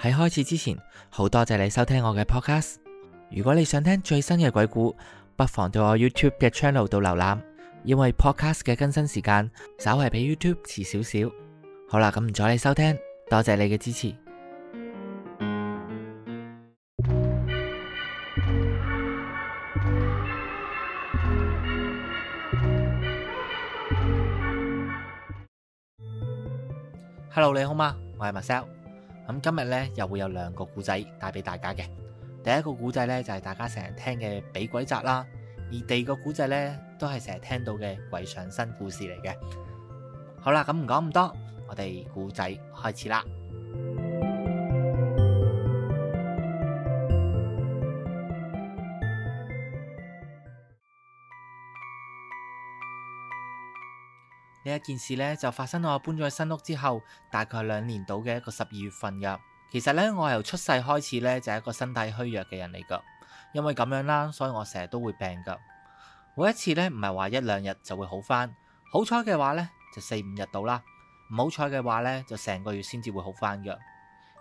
喺開始之前，好多謝你收聽我嘅 podcast。如果你想聽最新嘅鬼故，不妨到我 YouTube 嘅 channel 度瀏覽，因為 podcast 嘅更新時間稍為比 YouTube 遲少少。好啦，咁唔阻你收聽，多謝你嘅支持。Hello，你好嗎？我係馬修。咁今日呢，又會有兩個故仔帶俾大家嘅。第一個故仔呢，就係大家成日聽嘅俾鬼笮啦，而第二個故仔呢，都係成日聽到嘅鬼上身故事嚟嘅。好啦，咁唔講咁多，我哋故仔開始啦。件事咧，就發生喺我搬咗去新屋之後，大概兩年到嘅一個十二月份噶。其實咧我由出世開始咧，就係一個身體虛弱嘅人嚟噶，因為咁樣啦，所以我成日都會病噶。每一次咧，唔係話一兩日就會好翻，好彩嘅話咧，就四五日到啦，唔好彩嘅話咧，就成個月先至會好翻噶。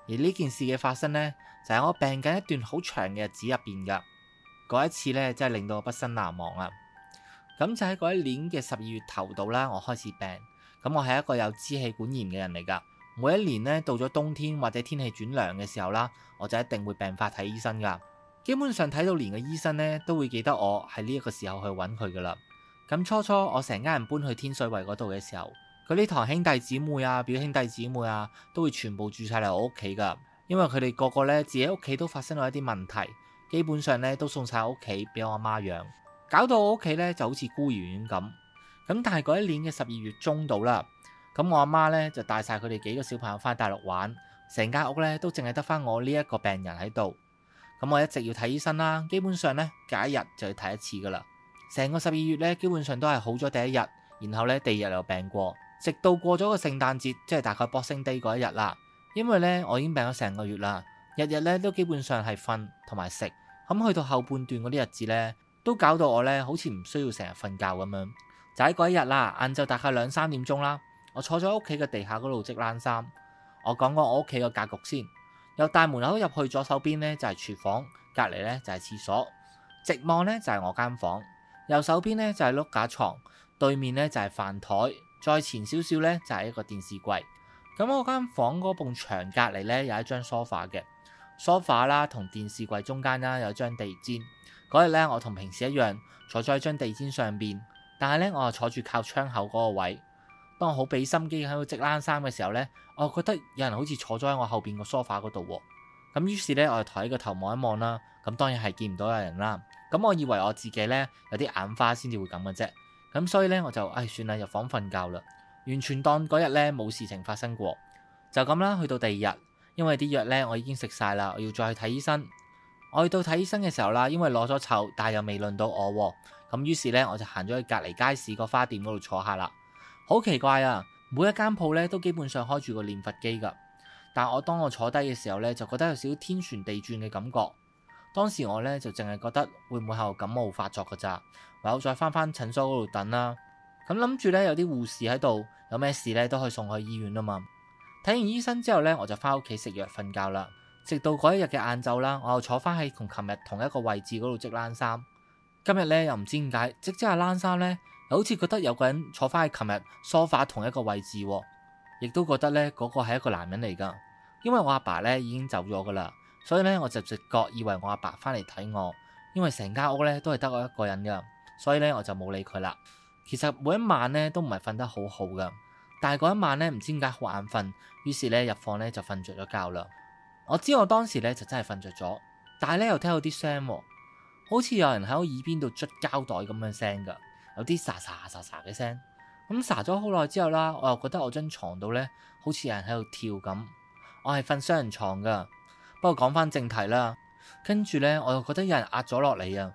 而呢件事嘅發生咧，就係、是、我病緊一段好長嘅日子入邊噶，嗰一次咧真係令到我畢生難忘啊！咁就喺嗰一年嘅十二月頭度啦，我開始病。咁我係一個有支氣管炎嘅人嚟噶。每一年呢，到咗冬天或者天氣轉涼嘅時候啦，我就一定會病發睇醫生噶。基本上睇到年嘅醫生呢，都會記得我喺呢一個時候去揾佢噶啦。咁初初我成家人搬去天水圍嗰度嘅時候，佢啲堂兄弟姊妹啊、表兄弟姊妹啊，都會全部住晒嚟我屋企噶，因為佢哋個個呢，自己屋企都發生咗一啲問題，基本上呢，都送晒屋企俾我阿媽養。搞到我屋企咧就好似孤兒院咁咁，但係嗰一年嘅十二月中到啦，咁我阿媽咧就帶晒佢哋幾個小朋友翻大陸玩，成間屋咧都淨係得翻我呢一個病人喺度。咁我一直要睇醫生啦，基本上咧隔一日就要睇一次噶啦。成個十二月咧基本上都係好咗第一日，然後咧第二日又病過，直到過咗個聖誕節，即係大概 Boxing Day 嗰一日啦。因為咧我已經病咗成個月啦，日日咧都基本上係瞓同埋食咁，去到後半段嗰啲日子咧。都搞到我咧，好似唔需要成日瞓覺咁樣。就喺嗰一日啦，晏晝大概兩三點鐘啦，我坐咗屋企嘅地下嗰度織冷衫。我講講我屋企嘅格局先。由大門口入去左手邊呢，就係廚房，隔籬呢，就係廁所，直望呢，就係我間房，右手邊呢，就係碌架床，對面呢，就係飯台，再前少少呢，就係一個電視櫃。咁我間房嗰埲牆隔籬呢，有一張梳化嘅，梳化啦同電視櫃中間啦有張地氈。嗰日咧，我同平時一樣坐咗喺張地氈上邊，但係咧，我又坐住靠窗口嗰個位。當我好俾心機喺度織冷衫嘅時候咧，我覺得有人好似坐咗喺我後邊個梳化嗰度喎。咁於是咧，我就抬起個頭望一望啦。咁當然係見唔到有人啦。咁我以為我自己咧有啲眼花先至會咁嘅啫。咁所以咧，我就唉、哎、算啦，入房瞓覺啦，完全當嗰日咧冇事情發生過。就咁啦。去到第二日，因為啲藥咧我已經食晒啦，我要再去睇醫生。我去到睇醫生嘅時候啦，因為攞咗籌，但係又未輪到我，咁於是咧我就行咗去隔離街市個花店嗰度坐下啦。好奇怪啊，每一間鋪咧都基本上開住個念佛機噶，但我當我坐低嘅時候咧就覺得有少少天旋地轉嘅感覺。當時我咧就淨係覺得會唔會係感冒發作噶咋，唯有再翻返診所嗰度等啦。咁諗住咧有啲護士喺度，有咩事咧都可以送去醫院啊嘛。睇完醫生之後咧我就翻屋企食藥瞓覺啦。直到嗰一日嘅晏晝啦，我又坐翻喺同琴日同一個位置嗰度織冷衫。今日咧又唔知點解，即即係冷衫咧又好似覺得有個人坐翻喺琴日梳化同一個位置，亦都覺得咧嗰個係一個男人嚟噶。因為我阿爸咧已經走咗噶啦，所以咧我就直覺以為我阿爸翻嚟睇我。因為成間屋咧都係得我一個人噶，所以咧我就冇理佢啦。其實每一晚咧都唔係瞓得好好噶，但係嗰一晚咧唔知點解好眼瞓，於是咧入房咧就瞓着咗覺啦。我知我當時咧就真係瞓着咗，但係咧又聽到啲聲，好似有人喺我耳邊度捽膠袋咁樣聲噶，有啲沙沙沙沙嘅聲。咁沙咗好耐之後啦，我又覺得我張床度咧好似有人喺度跳咁。我係瞓雙人床噶，不過講翻正題啦，跟住咧我又覺得有人壓咗落嚟啊。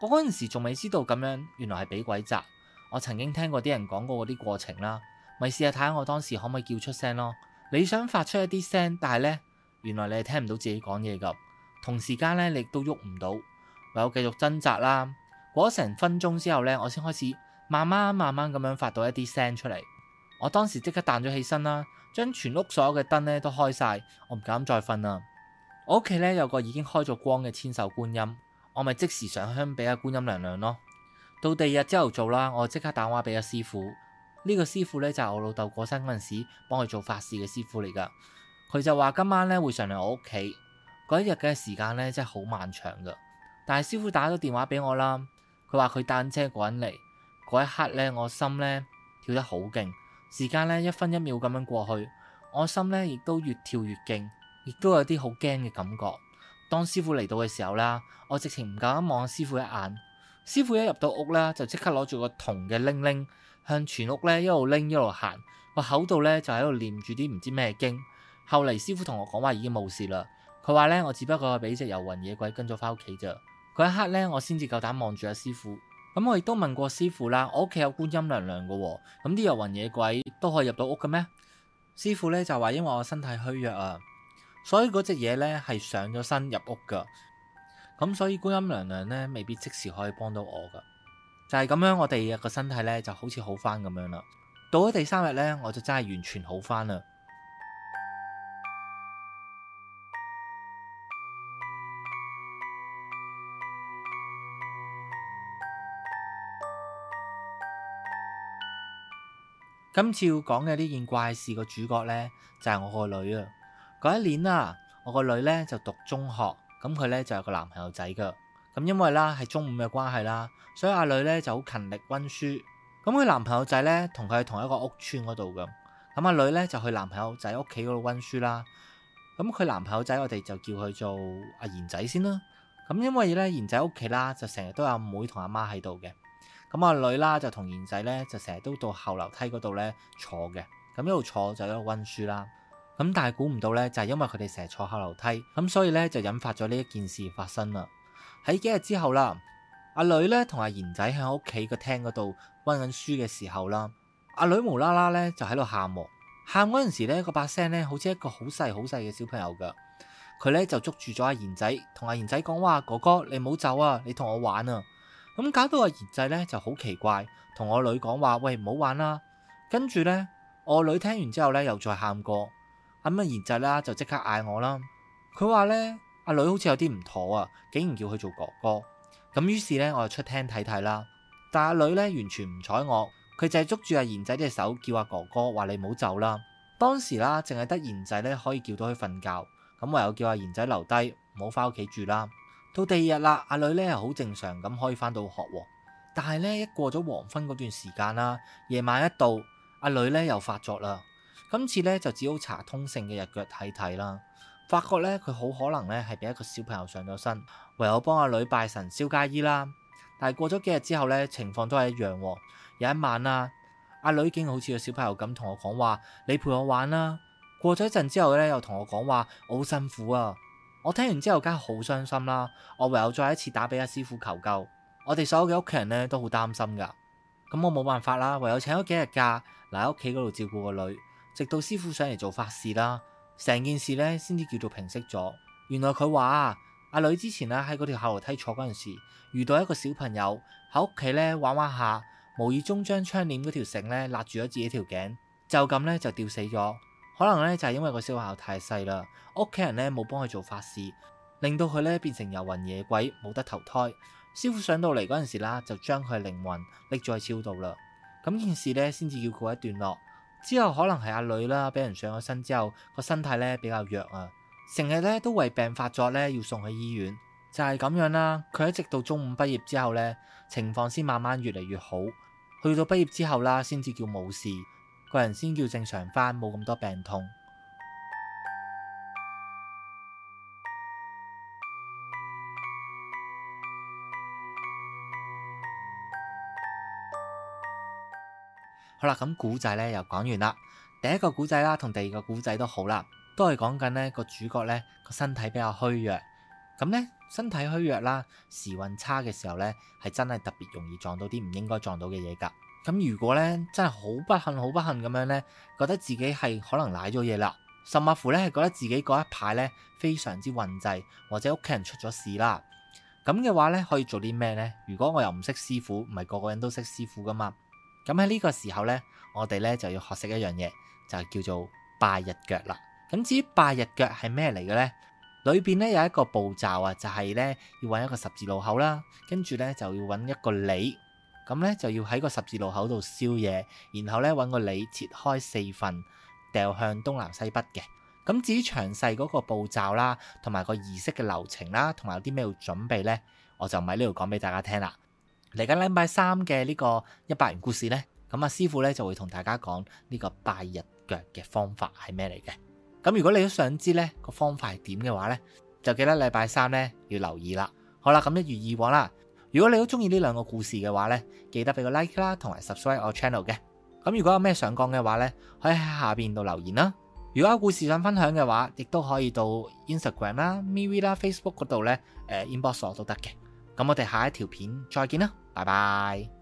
我嗰陣時仲未知道咁樣，原來係俾鬼壓。我曾經聽過啲人講過嗰啲過程啦，咪試下睇下我當時可唔可以叫出聲咯。你想發出一啲聲，但係咧。原來你係聽唔到自己講嘢噶，同時間咧你亦都喐唔到，唯有繼續掙扎啦。過咗成分鐘之後咧，我先開始慢慢慢慢咁樣發到一啲聲出嚟。我當時即刻彈咗起身啦，將全屋所有嘅燈咧都開晒，我唔敢再瞓啦。我屋企咧有個已經開咗光嘅千手觀音，我咪即時上香俾阿觀音娘娘咯。到第二日朝頭早啦，我即刻打電話俾阿師傅，呢個師傅咧就係我老豆過身嗰陣時幫佢做法事嘅師傅嚟噶。佢就話今晚咧會上嚟，我屋企嗰一日嘅時間咧，真係好漫長噶。但係師傅打咗電話俾我啦，佢話佢單車過緊嚟嗰一刻咧，我心咧跳得好勁，時間咧一分一秒咁樣過去，我心咧亦都越跳越勁，亦都有啲好驚嘅感覺。當師傅嚟到嘅時候啦，我直情唔敢望師傅一眼。師傅一入到屋啦，就即刻攞住個銅嘅鈴鈴向全屋咧，一路拎一路行個口度咧就喺度念住啲唔知咩經。後嚟師傅同我講話已經冇事啦，佢話呢，我只不過俾隻遊魂野鬼跟咗返屋企咋。嗰一刻呢，我先至夠膽望住阿師傅。咁我亦都問過師傅啦，我屋企有觀音娘娘噶，咁啲遊魂野鬼都可以入到屋嘅咩？師傅呢就話因為我身體虛弱啊，所以嗰隻嘢呢係上咗身入屋噶，咁所以觀音娘娘呢未必即時可以幫到我噶，就係、是、咁樣我哋個身體呢就好似好翻咁樣啦。到咗第三日呢，我就真係完全好翻啦。今次要講嘅呢件怪事個主角呢，就係、是、我個女啊！嗰一年啦，我個女呢就讀中學，咁佢呢就有個男朋友仔㗎。咁因為啦係中五嘅關係啦，所以阿女呢就好勤力溫書。咁佢男朋友仔呢，同佢喺同一個屋村嗰度㗎，咁、嗯、阿女呢，就去男朋友仔屋企嗰度溫書啦。咁佢男朋友仔我哋就叫佢做阿賢仔先啦。咁因為呢，賢仔屋企啦，就成日都有阿妹同阿媽喺度嘅。咁阿女啦就同賢仔咧就成日都到後樓梯嗰度咧坐嘅，咁一路坐一溫就一路溫書啦。咁但係估唔到咧，就係因為佢哋成日坐後樓梯，咁所以咧就引發咗呢一件事發生啦。喺幾日之後啦，阿女咧同阿賢仔喺屋企個廳嗰度溫緊書嘅時候啦，阿女無啦啦咧就喺度喊，喊嗰陣時咧個把聲咧好似一個好細好細嘅小朋友噶。佢咧就捉住咗阿賢仔，同阿賢仔講話：哥哥，你唔好走啊，你同我玩啊！咁搞到阿賢仔咧就好奇怪，同我女講話：喂，唔好玩啦！跟住呢，我女聽完之後呢，又再喊過，咁阿賢仔啦就即刻嗌我啦。佢話呢，阿女好似有啲唔妥啊，竟然叫佢做哥哥。咁於是呢，我就出廳睇睇啦。但阿女呢，完全唔睬我，佢就係捉住阿賢仔隻手，叫阿哥哥話你唔好走啦。當時啦，淨係得賢仔呢可以叫到佢瞓覺，咁我又叫阿賢仔留低，唔好翻屋企住啦。到第二日啦，阿女咧係好正常咁可以翻到學，但係咧一過咗黃昏嗰段時間啦，夜晚一到，阿女咧又發作啦。今次咧就只好查通勝嘅日腳睇睇啦，發覺咧佢好可能咧係俾一個小朋友上咗身，唯有幫阿女拜神燒街衣啦。但係過咗幾日之後咧，情況都係一樣。有一晚啦，阿女已經好似個小朋友咁同我講話：你陪我玩啦。過咗一陣之後咧，又同我講話，我好辛苦啊。我聽完之後，梗係好傷心啦！我唯有再一次打俾阿師傅求救。我哋所有嘅屋企人咧都好擔心噶。咁我冇辦法啦，唯有請咗幾日假，留喺屋企嗰度照顧個女，直到師傅上嚟做法事啦。成件事咧先至叫做平息咗。原來佢話阿女之前咧喺嗰條後樓梯坐嗰陣時，遇到一個小朋友喺屋企咧玩玩下，無意中將窗簾嗰條繩咧勒住咗自己條頸，就咁咧就吊死咗。可能咧就係因為個小學校太細啦，屋企人咧冇幫佢做法事，令到佢咧變成遊魂野鬼，冇得投胎。師傅上到嚟嗰陣時啦，就將佢靈魂拎咗去超度啦。咁件事咧先至叫告一段落。之後可能係阿女啦，俾人上咗身之後，個身體咧比較弱啊，成日咧都為病發作咧要送去醫院。就係咁樣啦。佢一直到中五畢業之後咧，情況先慢慢越嚟越好。去到畢業之後啦，先至叫冇事。個人先叫正常翻，冇咁多病痛。好啦，咁古仔咧又講完啦。第一個古仔啦，同第二個古仔都好啦，都係講緊咧個主角咧個身體比較虛弱。咁咧身體虛弱啦，時運差嘅時候咧，係真係特別容易撞到啲唔應該撞到嘅嘢㗎。咁如果咧真係好不幸、好不幸咁樣呢，覺得自己係可能瀨咗嘢啦，甚至乎呢，係覺得自己嗰一排呢，非常之混滯，或者屋企人出咗事啦，咁嘅話呢，可以做啲咩呢？如果我又唔識師傅，唔係個個人都識師傅㗎嘛，咁喺呢個時候呢，我哋呢就要學識一樣嘢，就係叫做拜日腳啦。咁至於拜日腳係咩嚟嘅呢？裏邊呢有一個步驟啊，就係呢要揾一個十字路口啦，跟住呢就要揾一個你。咁咧就要喺個十字路口度燒嘢，然後咧揾個梨切開四份，掉向東南西北嘅。咁至於詳細嗰個步驟啦，同埋個儀式嘅流程啦，同埋有啲咩要準備咧，我就唔喺呢度講俾大家聽啦。嚟緊禮拜三嘅呢個一百元故事呢，咁啊師傅呢就會同大家講呢個拜日腳嘅方法係咩嚟嘅。咁如果你都想知呢個方法係點嘅話呢，就記得禮拜三呢要留意啦。好啦，咁一如以往啦。如果你都中意呢兩個故事嘅話呢，記得俾個 like 啦，同埋 subscribe 我 channel 嘅。咁如果有咩想講嘅話呢，可以喺下邊度留言啦。如果有故事想分享嘅話，亦都可以到 Instagram 啦、MeWe 啦、Facebook 嗰度呢、誒、呃、inbox 我都得嘅。咁、嗯、我哋下一條片再見啦，拜拜。